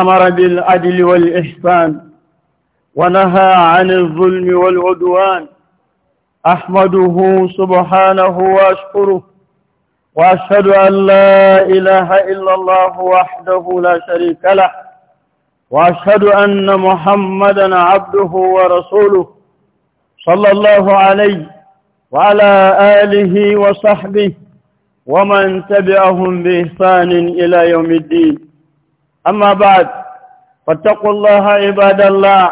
أمر بالعدل والإحسان ونهى عن الظلم والعدوان أحمده سبحانه وأشكره وأشهد أن لا إله إلا الله وحده لا شريك له وأشهد أن محمدا عبده ورسوله صلى الله عليه وعلى آله وصحبه ومن تبعهم بإحسان إلى يوم الدين أما بعد فاتقوا الله عباد الله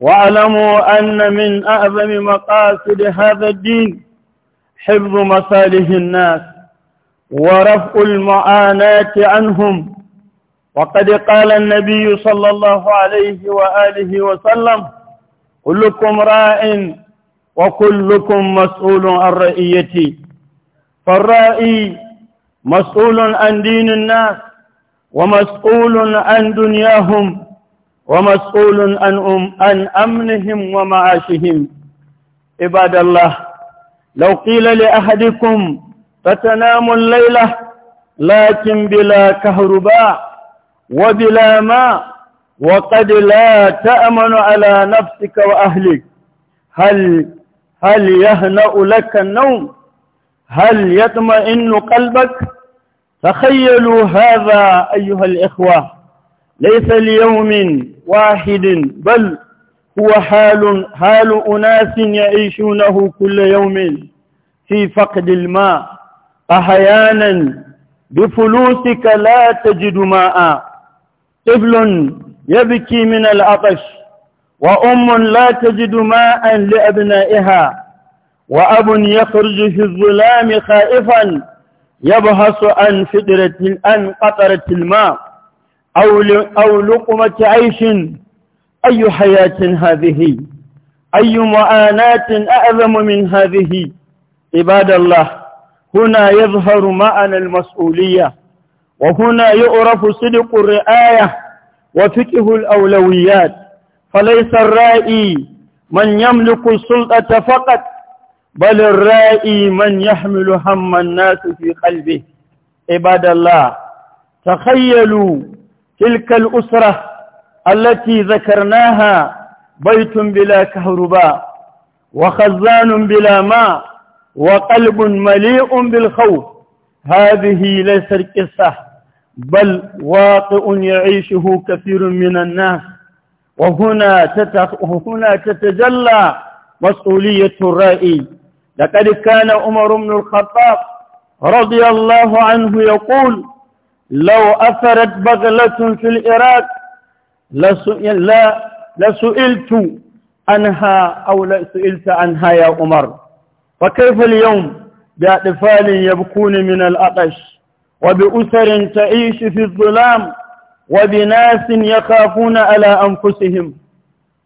واعلموا أن من أعظم مقاصد هذا الدين حفظ مصالح الناس ورفع المعاناة عنهم وقد قال النبي صلى الله عليه وآله وسلم كلكم راع وكلكم مسؤول عن رئيتي فالرائي مسؤول عن دين الناس ومسؤول عن دنياهم ومسؤول عن أم عن أمنهم ومعاشهم عباد الله لو قيل لأحدكم فتنام الليلة لكن بلا كهرباء وبلا ماء وقد لا تأمن على نفسك وأهلك هل هل يهنأ لك النوم هل يطمئن قلبك تخيلوا هذا أيها الإخوة ليس ليوم واحد بل هو حال حال أناس يعيشونه كل يوم في فقد الماء أحيانا بفلوسك لا تجد ماء طفل يبكي من العطش وأم لا تجد ماء لأبنائها وأب يخرج في الظلام خائفا يبحث عن فطرة عن قطرة الماء أو أو لقمة عيش أي حياة هذه أي معاناة أعظم من هذه عباد الله هنا يظهر معنا المسؤولية وهنا يعرف صدق الرعاية وفقه الأولويات فليس الرائي من يملك السلطة فقط بل الرائي من يحمل هم الناس في قلبه عباد الله تخيلوا تلك الأسرة التي ذكرناها بيت بلا كهرباء وخزان بلا ماء وقلب مليء بالخوف هذه ليست قصة بل واقع يعيشه كثير من الناس وهنا, تتخ... وهنا تتجلى مسؤولية الرائي لقد كان عمر بن الخطاب رضي الله عنه يقول لو أثرت بغلة في العراق لسئلت عنها أو لسئلت عنها يا عمر فكيف اليوم بأطفال يبكون من العطش وبأسر تعيش في الظلام وبناس يخافون على أنفسهم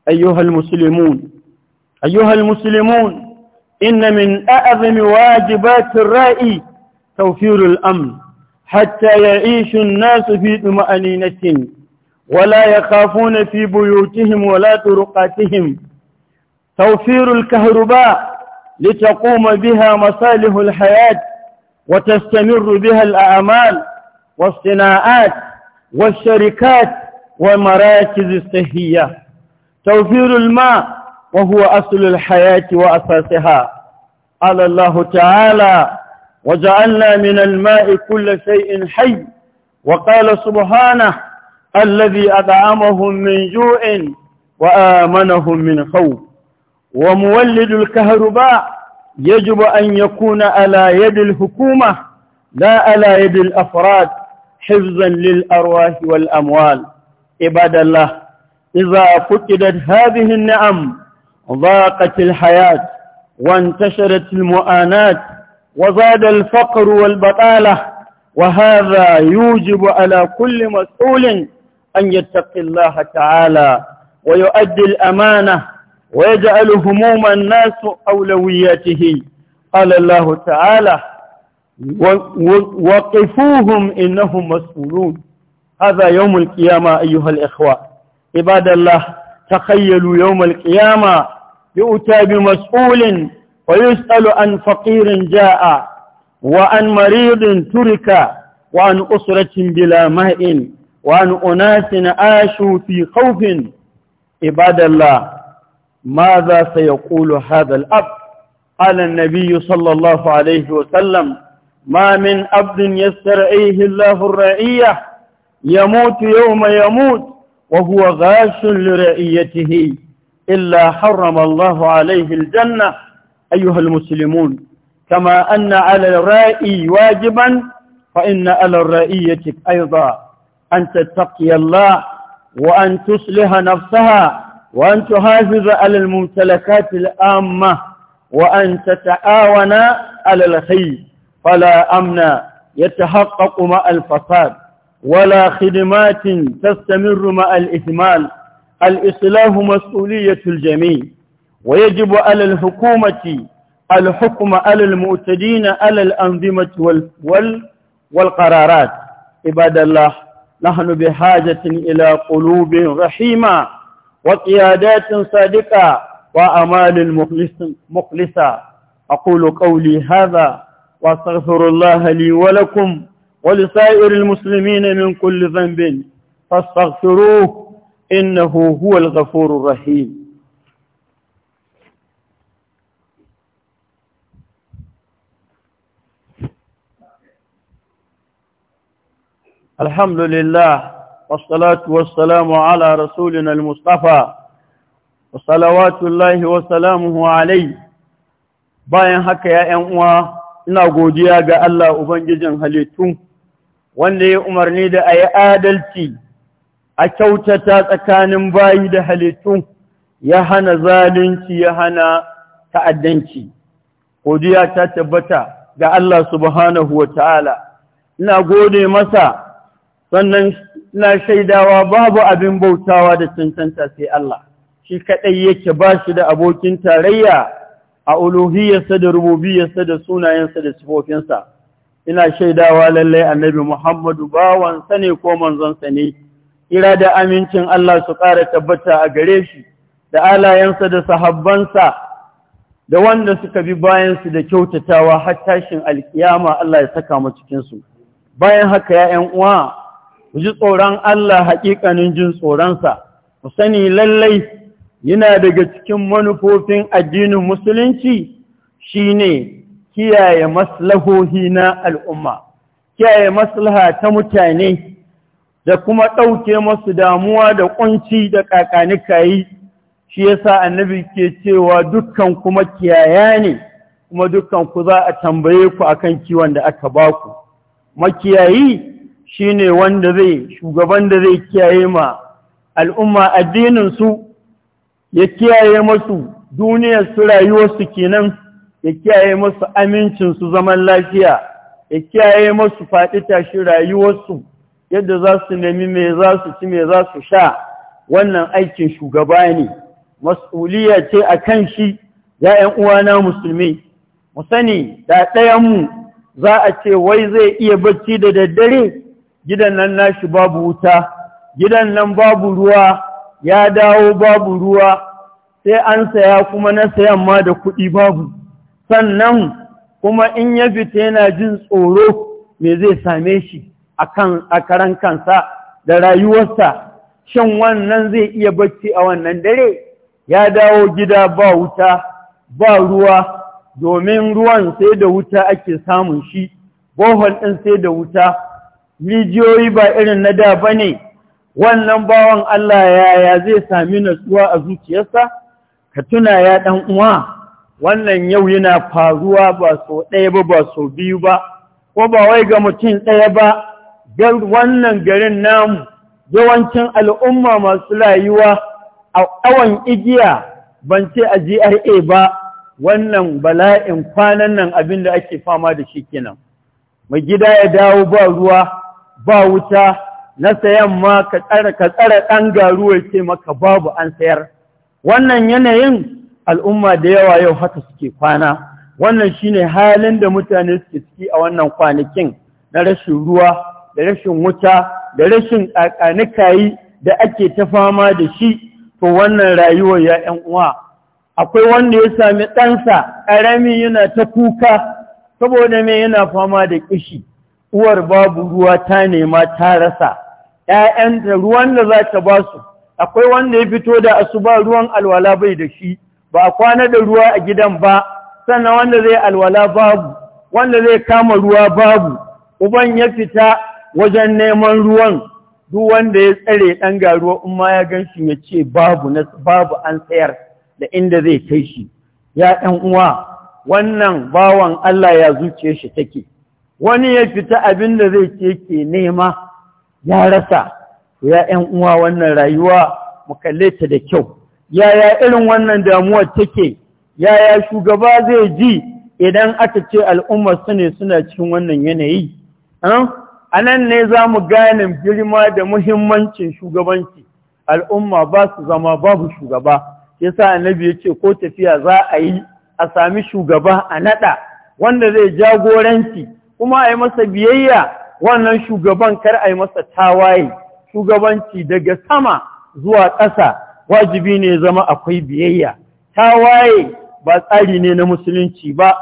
أيها المسلمون أيها المسلمون إن من أعظم واجبات الرأي توفير الأمن حتى يعيش الناس في طمأنينة ولا يخافون في بيوتهم ولا طرقاتهم توفير الكهرباء لتقوم بها مصالح الحياة وتستمر بها الأعمال والصناعات والشركات والمراكز الصحية توفير الماء وهو أصل الحياة وأساسها قال الله تعالى وجعلنا من الماء كل شيء حي وقال سبحانه الذي أدعمهم من جوع وآمنهم من خوف ومولد الكهرباء يجب أن يكون على يد الحكومة لا على يد الأفراد حفظا للأرواح والأموال عباد الله إذا فقدت هذه النعم ضاقت الحياة وانتشرت المؤاناة وزاد الفقر والبطالة وهذا يوجب على كل مسؤول أن يتقي الله تعالى ويؤدي الأمانة ويجعل هموم الناس أولوياته قال الله تعالى وقفوهم إنهم مسؤولون هذا يوم القيامة أيها الإخوة عباد الله تخيلوا يوم القيامة يؤتى بمسؤول ويسأل عن فقير جاء وعن مريض ترك وعن أسرة بلا ماء وعن أناس عاشوا في خوف عباد الله ماذا سيقول هذا الأب قال النبي صلى الله عليه وسلم ما من عبد يسترعيه الله الرعية يموت يوم يموت وهو غاش لرعيته إلا حرم الله عليه الجنة أيها المسلمون كما أن على الرائي واجبا فإن على الرائية أيضا أن تتقي الله وأن تصلح نفسها وأن تحافظ على الممتلكات العامة وأن تتعاون على الخير فلا أمن يتحقق مع الفساد ولا خدمات تستمر مع الإثمال الإصلاح مسؤولية الجميع ويجب على الحكومة الحكم على المؤتدين على الأنظمة وال وال والقرارات عباد الله نحن بحاجة إلى قلوب رحيمة وقيادات صادقة وأمال مخلصة أقول قولي هذا واستغفر الله لي ولكم ولسائر المسلمين من كل ذنب فاستغفروه innahu huwal ghafurur rahim الحمد لله والصلاة والسلام على رسولنا المصطفى وصلوات الله وسلامه عليه bayan haka ya ‘yan uwa ina godiya ga Allah Ubangijin halittu wanda ya umarni da a yi adalci a kyautata tsakanin bayi da halittu ya hana zalunci ya hana ta'addanci godiya ta tabbata ga Allah subhanahu ta'ala. ina gode masa sannan ina shaidawa babu abin bautawa da cancanta sai Allah shi kadai yake ba shi da abokin tarayya a uluhiyyarsa da rububiyyarsa da sunayensa da sifofinsa ina shaidawa lallai annabi Muhammadu bawansa ne ko manzonsa ne kira da amincin Allah su ƙara tabbata a gare shi da alayensa da sahabbansa da wanda suka bi bayansu da kyautatawa har tashin alkiyama Allah ya saka mu cikinsu bayan haka ya uwa ku ji tsoron Allah haƙiƙanin jin tsoronsa ku sani lallai yana daga cikin manufofin addinin musulunci shi ne kiyaye maslahohi na al'umma kiyaye maslaha ta mutane da kuma ɗauke masu damuwa da ƙunci da ƙaƙani kayi shi yasa annabi ke cewa dukkan kuma kiyaya ne kuma dukkan ku za a tambaye ku akan kiwon da aka ba ku makiyayi shine wanda zai shugaban da zai kiyaye ma al'umma addinin su ya kiyaye masu duniyar su rayuwarsu kenan ya kiyaye masu amincinsu zaman lafiya ya kiyaye masu faɗi tashi rayuwarsu yadda za su nemi me za su ci me za su sha wannan aikin shugaba ne mas'uliyya ce a kan shi ya ‘yan uwana musulmi mu sani da ɗayanmu za a ce wai zai iya bacci da daddare gidan nan nashi babu wuta gidan nan babu ruwa ya dawo babu ruwa sai an saya kuma na sayan ma da kuɗi babu sannan kuma in ya fita yana jin tsoro me zai same shi a karan kansa da rayuwarsa shan wannan zai iya bacci a wannan dare ya dawo gida ba wuta ba ruwa domin ruwan sai da wuta ake samun shi bohol ɗin sai da wuta rijiyoyi ba irin na da ba ne wannan bawan Allah yaya zai sami natsuwa a zuciyarsa ka tuna ya ɗan uwa wannan yau yana faruwa ba so ɗaya ba ba so biyu ba ko ba wai ga mutum ɗaya ba wannan garin namu yawancin al'umma masu rayuwa a awon igiya ban ce a GRA ba wannan bala'in kwanan nan abin da ake fama da shi kenan. Mai gida ya dawo ba ruwa, ba wuta, na sayan ma ka tsara ɗan garuwar ce maka babu an sayar. Wannan yanayin al'umma da yawa yau haka suke kwana, wannan shi ne halin da mutane suke ciki a wannan kwanakin na rashin ruwa da rashin wuta da rashin ƙaƙanikayi da ake ta fama da shi to wannan rayuwar ya ‘yan uwa akwai wanda ya sami ɗansa ƙarami yana ta kuka saboda mai yana fama da ƙishi uwar babu ruwa ta nema ta rasa Ya'yan da ruwan da za ta ba su akwai wanda ya fito da asuba ruwan alwala bai da shi ba a kwana da ruwa a gidan ba sannan wanda zai alwala babu wanda zai kama ruwa babu uban ya fita wajen neman ruwan duk wanda ya tsare ɗan garuwa in ma ya gan shi ya ce babu babu an tsayar da inda zai kai shi ya ɗan uwa wannan bawan Allah ya zuce shi take wani ya fita abin da zai ce ke nema ya rasa ya ɗan uwa wannan rayuwa mu kalle ta da kyau yaya irin wannan damuwar take yaya shugaba zai ji idan aka ce al'ummar su ne suna cikin wannan yanayi a nan ne za mu gane girma da muhimmancin shugabanci al'umma ba su zama babu shugaba Ya yasa annabi ya ce ko tafiya za a yi a sami shugaba a naɗa wanda zai jagoranci kuma a yi masa biyayya wannan shugaban kar a yi masa tawaye shugabanci daga sama zuwa ƙasa wajibi ne zama akwai biyayya tawaye ba tsari ne na musulunci ba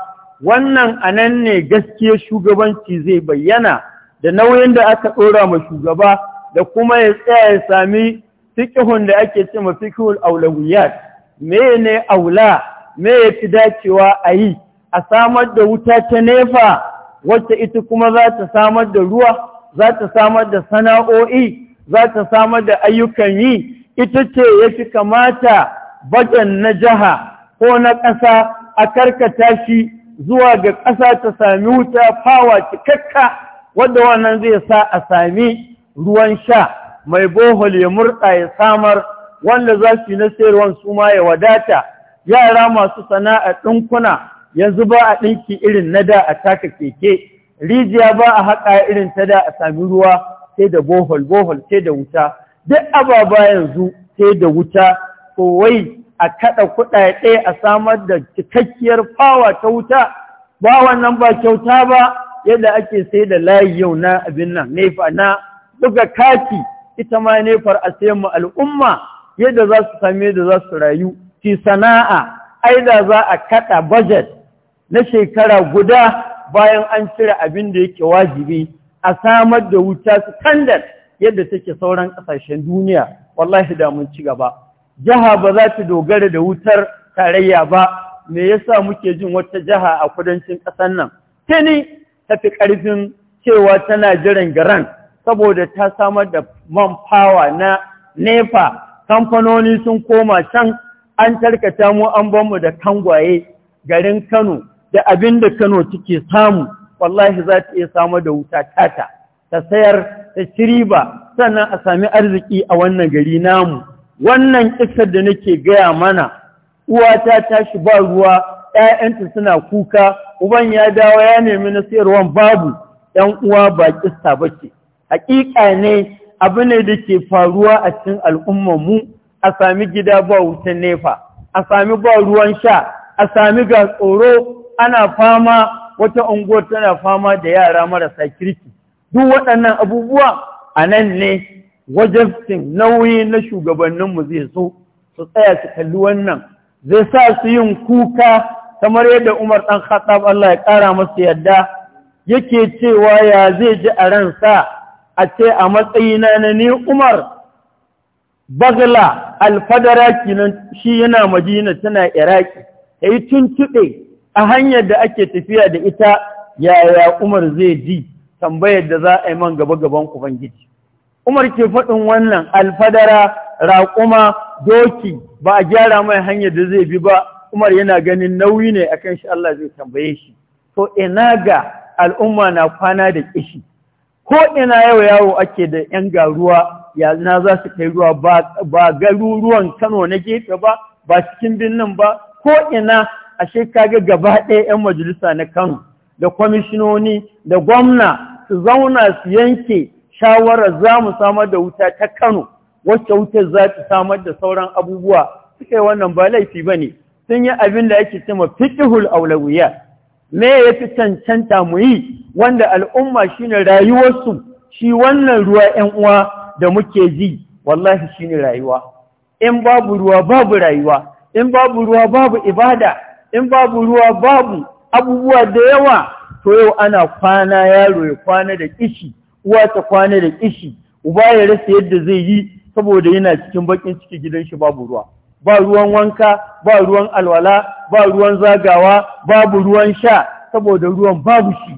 wannan anan ne gaskiyar shugabanci zai bayyana da nauyin da aka ɗora ma shugaba da kuma ya tsaya ya sami fikihun da ake ce ma fiƙihul aulawiyat me ne aula me ya fi dacewa a yi a samar da wuta ta nefa wacce ita kuma za ta samar da ruwa za ta samar da sana'o'i za ta samar da ayyukan yi ita ce ya fi kamata bajan na jiha ko na ƙasa a karkata shi zuwa ga ƙasa ta sami wuta fawa cikakka wanda wannan zai sa a sami ruwan sha mai bohol ya murta ya samar wanda za su yi na sayarwar su ma ya wadata yara masu sana'a ɗinkuna yanzu ba a ɗinki irin na da a taka keke rijiya ba a haƙa irin ta da a sami ruwa sai da bohol bohol sai da wuta duk ababa yanzu sai da wuta ko wai a kaɗa kuɗaɗe a samar da cikakkiyar fawa ta wuta ba wannan ba kyauta ba yadda ake sai da layi yau na abin nan nefa na buga kati ita ma nefar a sayan mu al'umma yadda za su same da za su rayu ci sana'a aida za a kada budget na shekara guda bayan an cire abin da yake wajibi a samar da wuta standard yadda take sauran kasashen duniya wallahi da mun ci gaba jaha ba za ta dogara da wutar tarayya ba me yasa muke jin wata jaha a kudancin ƙasar nan tani Ta fi ƙarfin cewa tana jiran garan saboda ta samar da man fawa na nefa kamfanoni sun koma can an tarkata mu an banmu da kangwaye garin Kano da abin da Kano take samu wallahi za ta iya samu da wuta tata ta sayar ta shiriba sannan a sami arziki a wannan gari namu wannan kisar da nake gaya mana uwata ta shi ba ruwa ‘ya'yanta suna kuka uban ya dawo ya nemi na babu ‘yan uwa ba ƙista ba ce, haƙiƙa ne abu ne da ke faruwa a cikin al'ummanmu a sami gida ba wutan nefa, a sami ba ruwan sha, a sami ga tsoro ana fama wata unguwar tana fama da yara marasa kirki. Duk waɗannan abubuwa a nan ne wajen nauyi na shugabanninmu zai so su tsaya su kalli wannan, zai sa su yin kuka kamar yadda Umar ɗan Khattab Allah ya ƙara masa yadda yake cewa ya zai ji a ransa a ce a matsayina na ni Umar bagla alfadara nan shi yana majina, tana Iraki yi tuntuɗe a hanyar da ake tafiya da ita yaya Umar zai ji tambayar da za a yi man gaba gaban Ubangiji Umar ke faɗin wannan alfadara raƙuma doki ba a gyara mai hanyar da zai bi ba Umar yana ganin nauyi ne a kan shi Allah zai tambaye shi to ina ga al'umma na kwana da kishi ko ina yau yawo ake da yan garuwa ya na za su kai ruwa ba garuruwan Kano na gefe ba ba cikin birnin ba ko ina ashe shekaga gaba ɗaya yan majalisa na Kano da kwamishinoni da gwamna su zauna su yanke shawarar za mu samar da wuta ta Kano wacce wutar za ta samar da sauran abubuwa suka yi wannan ba laifi ba ne sun yi abin da yake cewa fiqhul awlawiyya me ya fi cancanta mu yi wanda al'umma shine rayuwarsu shi wannan ruwa 'yan uwa da muke ji wallahi shine rayuwa in babu ruwa babu rayuwa in babu ruwa babu ibada in babu ruwa babu abubuwa da yawa to yau ana kwana yaro ya kwana da kishi uwa ta kwana da kishi uba ya rasa yadda zai yi saboda yana cikin bakin ciki gidan shi babu ruwa ba ruwan wanka ba ruwan alwala ba ruwan zagawa babu ruwan sha saboda ruwan babu shi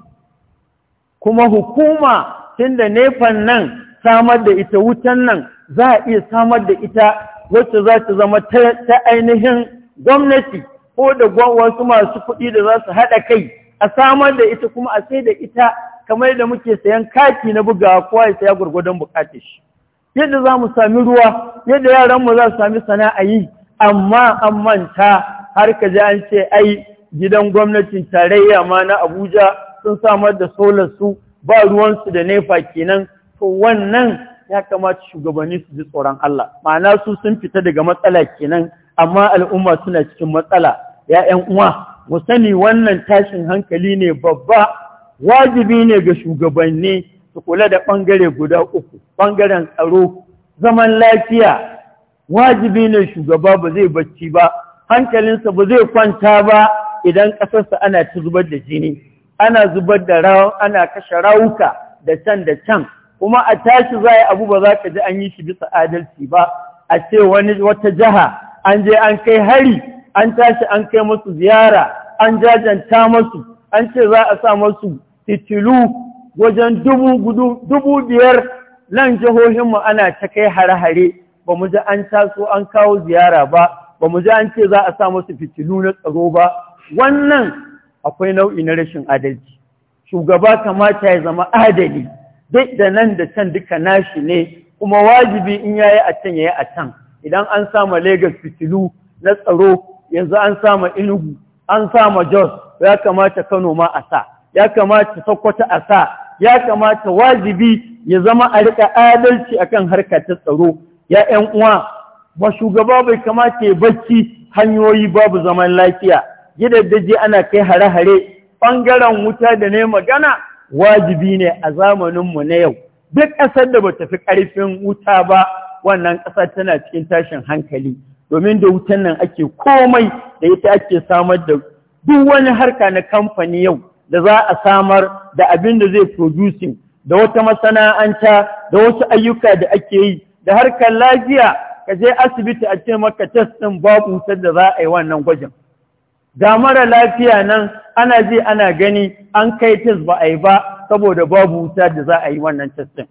kuma hukuma tun da nefan nan samar da ita wutan nan za a iya samar da ita wacce za ta zama ta ainihin gwamnati ko da wasu masu kuɗi da za su haɗa kai a samar da ita kuma a sai da ita kamar da muke sayan kati na bugawa kowa ya saya gwargwadon bukatar shi yadda za mu sami ruwa yadda yaranmu za su sami sana'a yi amma an manta har ka ji an ce ai gidan gwamnatin tarayya ma na Abuja sun samar da solar su ba ruwansu da nefa kenan to wannan ya kamata shugabanni su ji tsoron Allah ma'ana su sun fita daga matsala kenan amma al'umma suna cikin matsala ya ƴan uwa mu sani wannan tashin hankali ne babba wajibi ne ga shugabanni su kula da ɓangare guda uku bangaren tsaro zaman lafiya wajibi ne shugaba ba zai bacci ba hankalinsa ba zai kwanta ba idan ƙasarsa ana ta zubar da jini ana zubar da rawan ana kashe rawuka da can da can kuma a tashi za a yi abu ba za ka ji an yi shi bisa adalci ba a ce wani wata jiha an je an kai hari an tashi an kai masu ziyara an jajanta masu an ce za a sa masu titilu wajen dubu biyar nan jihohinmu ana ta kai hare-hare ba mu ji an taso an kawo ziyara ba ba mu ji an ce za a sa masu fitilu na tsaro ba wannan akwai nau'i na rashin adalci shugaba kamata ya zama adali duk da nan da can duka nashi ne kuma wajibi in ya yi a can ya yi a can idan an sama Legas fitilu na tsaro yanzu an sama Enugu an sama Jos ya kamata Kano ma a sa ya kamata Sokoto a sa ya kamata wajibi ya zama a rika adalci akan harkar ta tsaro ya ‘yan uwa ba shugaba bai kamata ya bacci hanyoyi babu zaman lafiya gidaddaji ana kai hare-hare ɓangaren wuta da ne magana wajibi ne a zamaninmu na yau duk ƙasar da ba ta fi ƙarfin wuta ba wannan ƙasa tana cikin tashin hankali domin da wutan nan ake komai da ita ake samar da duk wani harka na kamfani yau da za a samar da abin da zai producing da wata masana'anta da wasu ayyuka da ake yi da harkar lafiya ka je asibiti a ce maka test ɗin babu wutar da za a yi wannan gwajin da mara lafiya nan ana ji ana gani an kai test ba a yi ba saboda babu wuta da za a yi wannan test ɗin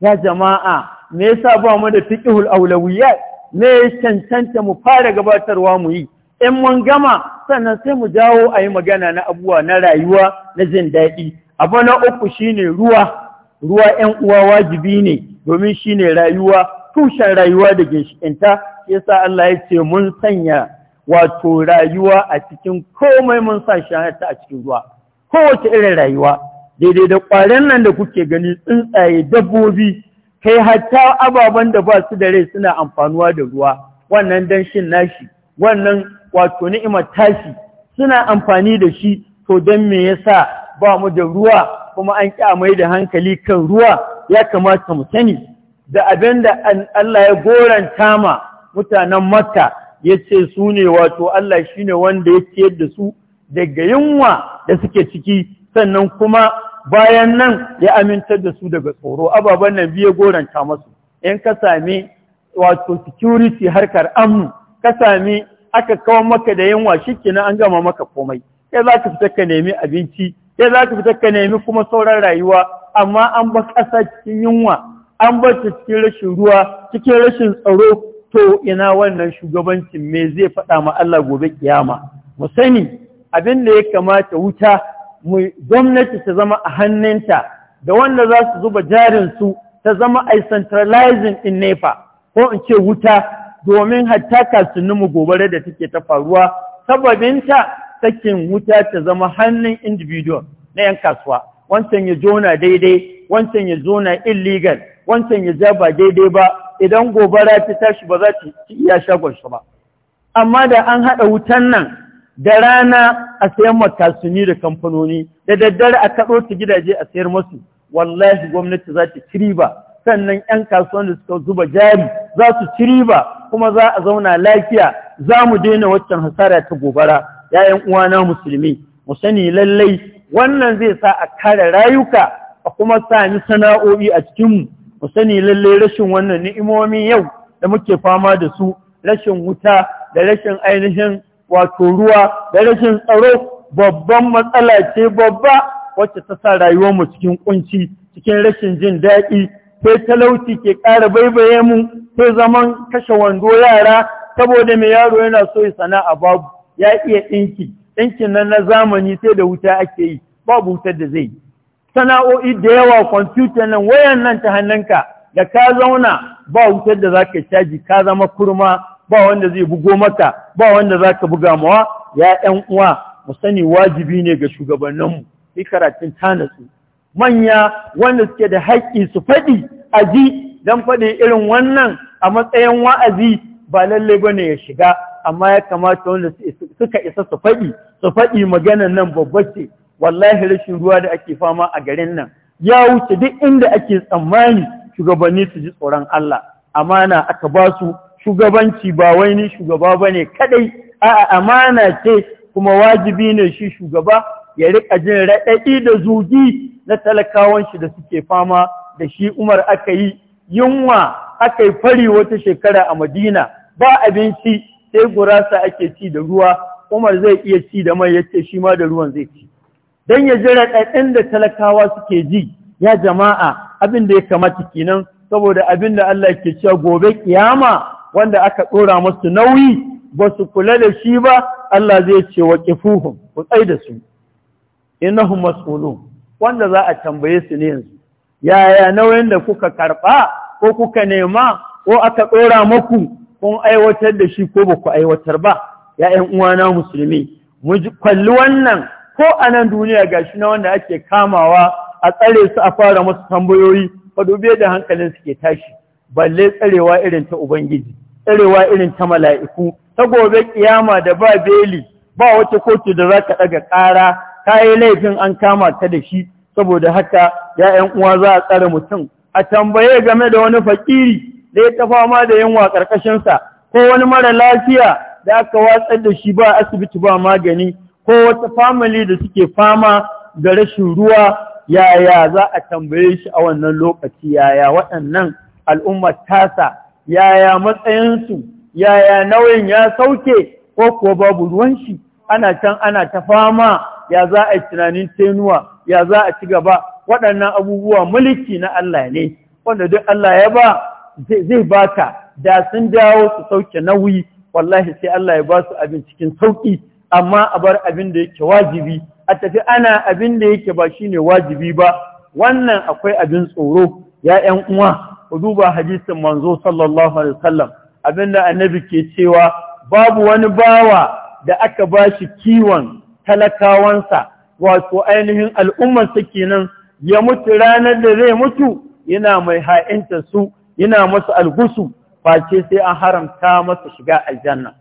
ya jama'a me yasa ba mu da fiqhul aulawiyya me ya cancanta mu fara gabatarwa mu yi in mun gama sannan sai mu jawo a yi magana na abuwa na rayuwa na jin daɗi abu na uku shine ruwa ruwa 'yan uwa wajibi ne domin shi ne rayuwa tushen rayuwa da ginshikinta Ya sa Allah ya ce mun sanya wato rayuwa a cikin komai mun sa shi a cikin ruwa kowace irin rayuwa daidai da ƙwarin nan da kuke gani tsuntsaye dabbobi kai hatta ababen da ba su da rai suna amfanuwa da ruwa wannan danshin nashi wannan wato ni'imar tashi suna amfani da shi to don me yasa ba mu da ruwa kuma an ƙyamai da hankali kan ruwa ya kamata mu sani da abin da Allah ya goranta ma mutanen Makka ya ce su ne wato Allah shi ne wanda ya ciyar da su daga yunwa da suke ciki sannan kuma bayan nan ya amintar da su daga tsoro ababen nan biye goranta masu in ka sami wato security harkar amnu ka sami aka kawo maka da yunwa shikina an gama maka komai sai za ka fita ka nemi abinci sai za ka fita ka nemi kuma sauran rayuwa amma an ba ƙasa cikin yunwa an ba ta cikin rashin ruwa cikin rashin tsaro to ina wannan shugabancin me zai faɗa ma Allah gobe kiyama mu sani abin da ya kamata wuta mu gwamnati ta zama a hannunta da wanda za su zuba jarin su ta zama a centralizing in nefa ko in ce wuta domin hatta kasunin mu gobare da take ta faruwa sababin ta sakin wuta ta zama hannun individual na 'yan kasuwa wancan ya jona daidai wancan ya jona illegal wancan ya ja ba daidai ba idan gobara ta tashi ba za ta iya shagon shi ba amma da an haɗa wutan nan da rana a sayan makasuni da kamfanoni da daddare a kaɗo ta gidaje a sayar masu wallahi gwamnati za ta ciri ba. sannan 'yan kasuwan da suka zuba jari za su ciri ba kuma za a zauna lafiya za mu daina waccan hasara ta gobara 'ya'yan uwana musulmi mu sani lallai wannan zai sa a kare rayuka a kuma sami sana'o'i a cikinmu mu sani lalle rashin wannan ni'imomi yau da muke fama da su rashin wuta da rashin ainihin wato ruwa da rashin tsaro babban matsala ce babba wacce ta sa rayuwarmu cikin kunci cikin rashin jin daɗi sai talauci ke ƙara baibaye mu sai zaman kashe wando yara saboda mai yaro yana so ya sana'a babu ya iya ɗinki ɗinkin nan na zamani sai da wuta ake yi babu wutar da zai yi. sana'o'i da yawa kwamfuta nan wayan nan ta hannunka da ka zauna ba wutar da za ka caji ka zama kurma ba wanda zai bugo maka ba wanda za ka buga mawa ya ‘yan uwa mu sani wajibi ne ga shugabanninmu yi karatun tanatsu manya wanda suke da haƙƙi su faɗi a ji don faɗi irin wannan a matsayin wa'azi ba lallai ba ne ya shiga amma ya kamata wanda suka isa su faɗi su faɗi maganan nan babba ce wallahi rashin ruwa da ake fama a garin nan ya wuce duk inda ake tsammani shugabanni su ji tsoron Allah amana aka ba su shugabanci ba wai ni shugaba ne kaɗai a'a amana ce kuma wajibi ne shi shugaba ya riƙa jin raɗaɗi da zugi na talakawan shi da suke fama da shi Umar aka yi yunwa aka yi fari wata shekara a Madina ba abinci sai gurasa ake ci da ruwa Umar zai iya ci da mai yace shi ma da ruwan zai ci Don ya jira ɗaɗɗin da talakawa suke ji ya jama'a abin da ya kamata kenan saboda abin da Allah ke cewa gobe ƙiyama wanda aka ɗora musu nauyi ba su kula da shi ba Allah zai ce wa kifuhum ku tsai da su innahum mas'ulun wanda za a tambaye su ne yanzu yaya nauyin da kuka karɓa ko kuka nema ko aka ɗora maku? kun aiwatar da shi ko ba ku aiwatar ba ‘ya'yan uwana musulmi mu kwalli wannan ko a nan duniya ga shi na wanda ake kamawa a tsare su a fara masu tambayoyi ba da hankalin suke tashi balle tsarewa irin ta ubangiji tsarewa irin ta mala'iku ta gobe ƙiyama da ba beli ba wata kotu da za ka ɗaga ƙara ta yi laifin an kama ta da shi saboda haka ‘ya'yan uwa za a tsare mutum a tambaye game da wani fakiri ya ta fama da yunwa ƙarƙashinsa ko wani mara lafiya da aka watsar da shi ba asibiti ba magani ko wata famili da suke fama da rashin ruwa yaya za a tambaye shi a wannan lokaci yaya waɗannan al'ummar tasa yaya matsayinsu yaya nauyin ya sauke ko kuwa babu ruwan shi ana can ana ta fama ya za a yi tunanin tenuwa ya za a ci gaba waɗannan abubuwa mulki na Allah ne wanda duk Allah ya ba zai baka da sun dawo su sauke nauyi wallahi sai Allah ya ba su abin cikin sauƙi. amma a bar abin da yake wajibi a tafi ana abin da yake ba shine wajibi ba wannan akwai abin tsoro ya 'yan uwa ku duba hadisin manzo sallallahu alaihi wasallam da annabi ke cewa babu wani bawa da aka ba shi kiwon talakawansa wato ainihin al'ummarsa kenan ya mutu ranar da zai mutu yana mai ha'inta su yana masu algusu face sai an haramta masu shiga aljanna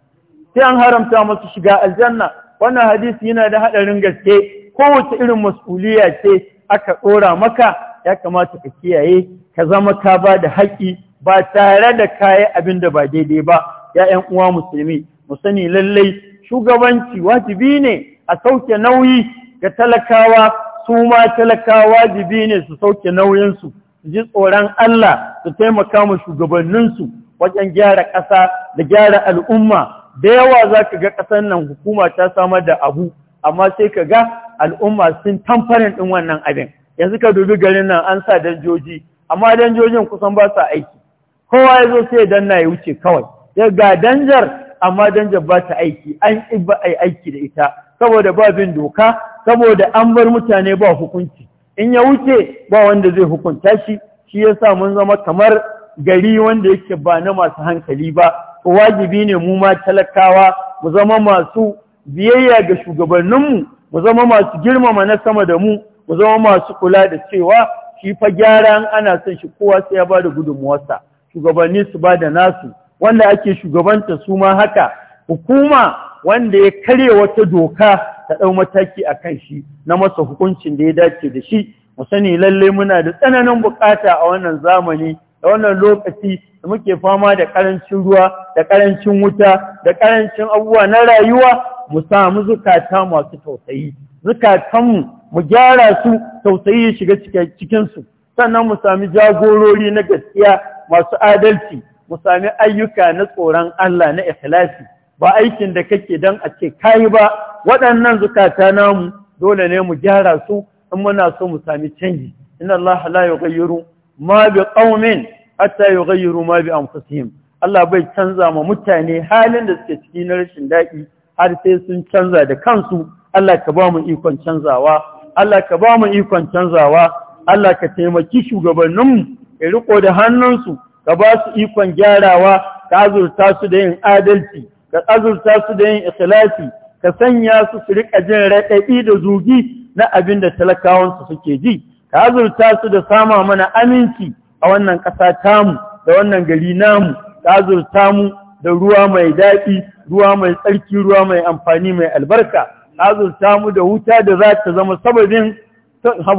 sai an haramta masu shiga aljanna wannan hadisi yana da haɗarin gaske kowace irin mas'uliya ce aka ɗora maka ya kamata ka kiyaye ka zama ka ba da haƙi ba tare da kayan abinda ba daidai ba ya ‘ya'yan uwa musulmi mu sani lallai shugabanci wajibi ne a sauke nauyi ga talakawa su ma talakawa wajibi ne su sauke nauyinsu ji tsoron Allah su taimaka wa shugabanninsu wajen gyara ƙasa da gyara al'umma da yawa za ka ga ƙasar nan hukuma ta samar da abu amma sai ka ga al'umma sun tamfarin ɗin wannan abin yanzu ka dubi garin nan an sa danjoji amma danjojin kusan ba sa aiki kowa ya zo sai danna ya wuce kawai ga danjar amma danjar ba ta aiki an ba a aiki da ita saboda ba bin doka saboda an bar mutane ba hukunci in ya wuce ba wanda zai hukunta shi shi ya sa mun zama kamar gari wanda yake ba na masu hankali ba wajibi ne mu ma talakawa mu zama masu biyayya ga shugabanninmu mu zama masu girmama na sama da mu mu zama masu kula da cewa shi fa gyara ana son shi kowa sai ya ba da gudunmuwarsa shugabanni su ba da nasu wanda ake shugabanta su ma haka hukuma wanda ya karya wata doka ta ɗau mataki a kan shi na masa hukuncin da ya dace da shi mu sani lalle muna da tsananin bukata a wannan zamani da wannan lokaci da muke fama da ƙarancin ruwa da ƙarancin wuta da ƙarancin abubuwa na rayuwa mu samu zukata masu tausayi zukatanmu mu gyara su tausayi ya shiga cikinsu sannan mu sami jagorori na gaskiya masu adalci mu sami ayyuka na tsoron Allah na ikhlasi ba aikin da kake don a ce kayi ba waɗannan zukata namu dole ne mu gyara su in muna so mu sami canji inna Allah la yughayyiru ma bi qaumin hatta yughayyiru ma bi anfusihim Allah bai canza ma mutane halin da suke ciki na rashin daɗi har sai sun canza da kansu Allah ka ba mu ikon canzawa Allah ka ba mu ikon canzawa Allah ka taimaki shugabanninmu ka riko da hannunsu ka ba su ikon gyarawa ka azurta su da yin adalci ka azurta su da yin ikhlasi ka sanya su su rika jin raɗaɗi da zugi na abin da talakawansu suke ji ka azurta su da sama mana aminci a wannan ƙasa tamu da wannan gari namu ka azurta mu da ruwa mai daɗi ruwa mai tsarki ruwa mai amfani mai albarka ka azurta mu da wuta da za ta zama sababin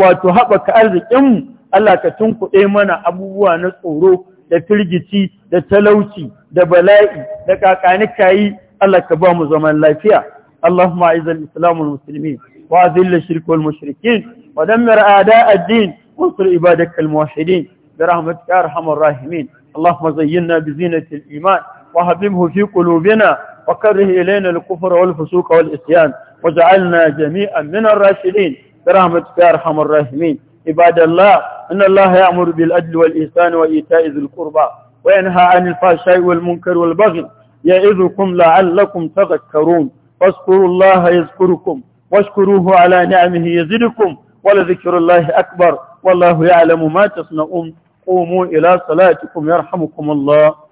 wato haɓaka arzikinmu Allah ka tunkuɗe mana abubuwa na tsoro da firgici da talauci da bala'i da kakanikayi Allah ka ba mu zaman lafiya Allahumma aizal islamul muslimin wa azil shirku wal mushrikin wa dammir a'da ad-din wa ansur ibadaka al muwahhidin bi rahmatika arhamar rahimin Allahumma zayyinna bi zinatil iman wa habibhu fi qulubina wa karrih ilayna al kufra wal fusuqa wal isyan waj'alna jami'an min ar-rashidin bi rahmatika arhamar rahimin ibadallah إن الله يأمر بالعدل والإحسان وإيتاء ذي القربى وينهى عن الفحشاء والمنكر والبغي يعظكم لعلكم تذكرون فاذكروا الله يذكركم واشكروه على نعمه يزدكم ولذكر الله أكبر والله يعلم ما تصنعون قوموا إلى صلاتكم يرحمكم الله